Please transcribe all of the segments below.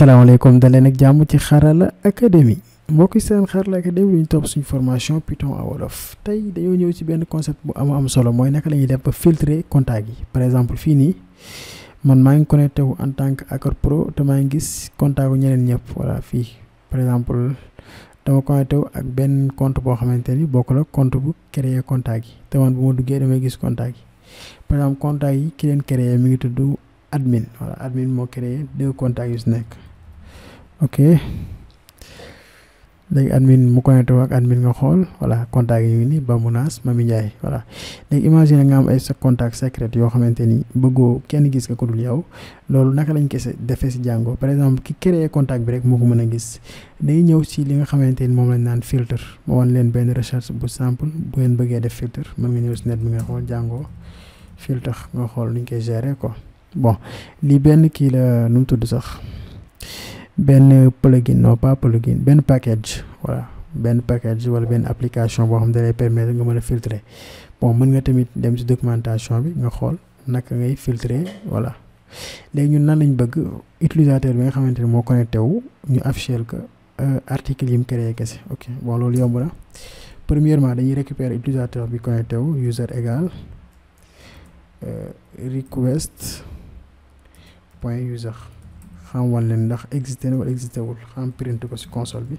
asalaamaaleykum daleen ak jàmm ci xarala académie mbokk yi seen xarala académie ñu topp suñu formation Python à wolof tey dañoo ñëw ci benn concept bu am am solo mooy naka la ñuy def ba filtrer contact yi par exemple fii nii man maa ngi connecté wu en tant que Accord Pro te maa ngi gis contact wu ñeneen ñëpp voilà fii par exemple dama connecté wu ak benn compte boo xamante ni bokk la compte bu créer contact yi te man bu ma duggee damay gis contact yi par exemple contact yi ki leen créer mi ngi tudd admin voilà admin moo créé deux contacts yu si okay. léegi admin mu connecté ak admin nga xool voilà contact yi ni ba munaas Mami Ndiaye voilà léegi imagine nga am ay sa contact secret yoo xamante ni bëggoo kenn gis nga ko dul yow loolu naka lañ kese defee si Django par exemple ki créé contact bi rek moo ko mën a gis day ñëw si li nga xamante ni moom lañ naan filter, ma wan leen benn recherche bu simple bu ngeen bëggee def filtre mën ñëw si net bi nga xool Django filtre nga xool nuñ koy gérer quoi bon la sax ben plugin non pas plugin ben package voilà ben package wala ben application bo xam ne da lay permettre nga mën filtrer bon mën nga tamit dem ci documentation bi nga xol nak ngay filtrer voilà léegi ñun nan lañ bëgg utilisateur bi nga xamante ne connecté wu ñu afficher que euh, article yi mu créé kese ok bon loolu yomb na premièrement dañuy récupérer utilisateur bi connecté wu user égal euh, request point user xamal leen ndax existé na wala existé wul xam print ko ci console bi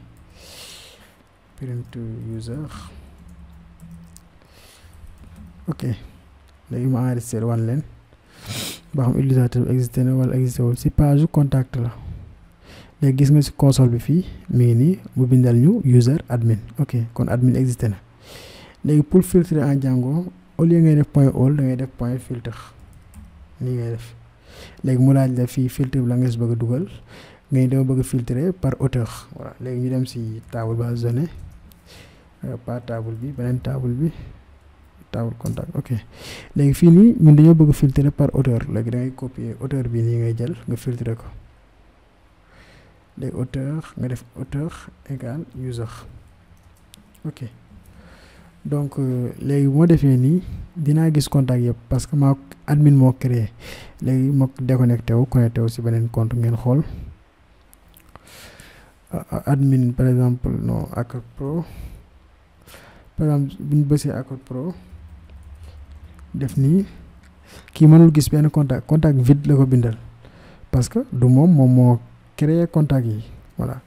print user ok léegi ma enregistré wan leen ba xam utilisateur bi existé na wala existé wul ci page contact la léegi gis nga ci console bi fii mu ngi nii mu bindal ñu user admin ok kon admin existe na léegi pour filtrer en Django au lieu ngay def point all da def point filtre nii ngay def. léegi mu laaj la fii filtre bi la nga si bëgg dugal nga ñu dama bëgg filtre par auteur voilà léegi ñu dem si table ba donnée euh, par table bi beneen table bi table contact ok léegi fii nii ñun dañoo bëgg filtrer par auteur léegi da ngay copier auteur bi nii ngay jël nga filtrer ko léegi auteur nga def auteur égal user ok donc euh, léegi bu ma defee nii dinaa gis contact yëpp parce que ma admin moo créé léegi ma déconnecté wu connecté wu si beneen compte ngeen xool admin par exemple non Accord Pro par exemple bu ñu bësee Accord Pro def nii kii mënul gis benn contact contact vide la ko bindal parce que du moom moom moo créé contact yi voilà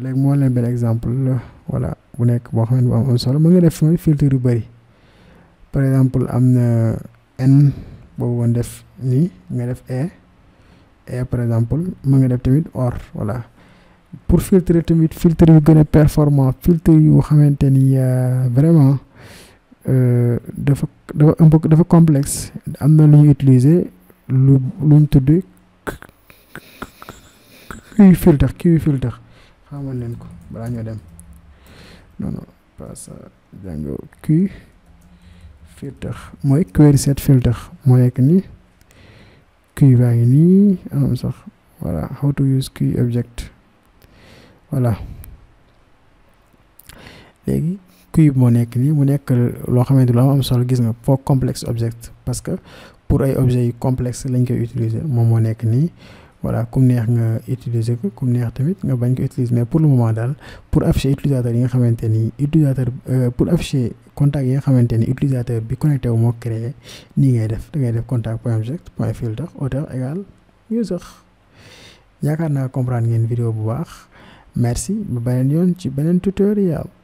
léegi moo leen benn exemple voilà bu nekk boo xam ne bu am solo mu ngi def filtre yu bëri. par exemple am na n boobu woon def nii nga def e e par exemple mën nga def tamit or voilà pour filtrer tamit filtre yu gën a performant filtre yu xamante ni euh, vraiment euh, dafa dafa un peu dafa complexe am na lu ñu utiliser lu luñ tudd kiwi filtre kiwi filtre xamal leen ko balaa ñoo dem non non pas ça jàng kii filter moi query set filter ni que va voilà how to use key object voilà qui qui mo nek ni mu nek lo am for complex object parce que pour un objet complexe lañ utiliser mon mo voilà comme neex nga utiliser ko comme neex tamit nga bañ ko utiliser mais pour le moment daal pour afficher utilisateur yi nga xamante ni utilisateur euh, pour afficher contact yi nga xamante ni utilisateur bi connecté wu moo créé nii ngay def da ngay def contact point object point filter auteur égal user yaakaar naa comprendre ngeen vidéo bu baax merci ba beneen yoon ci beneen tutoriel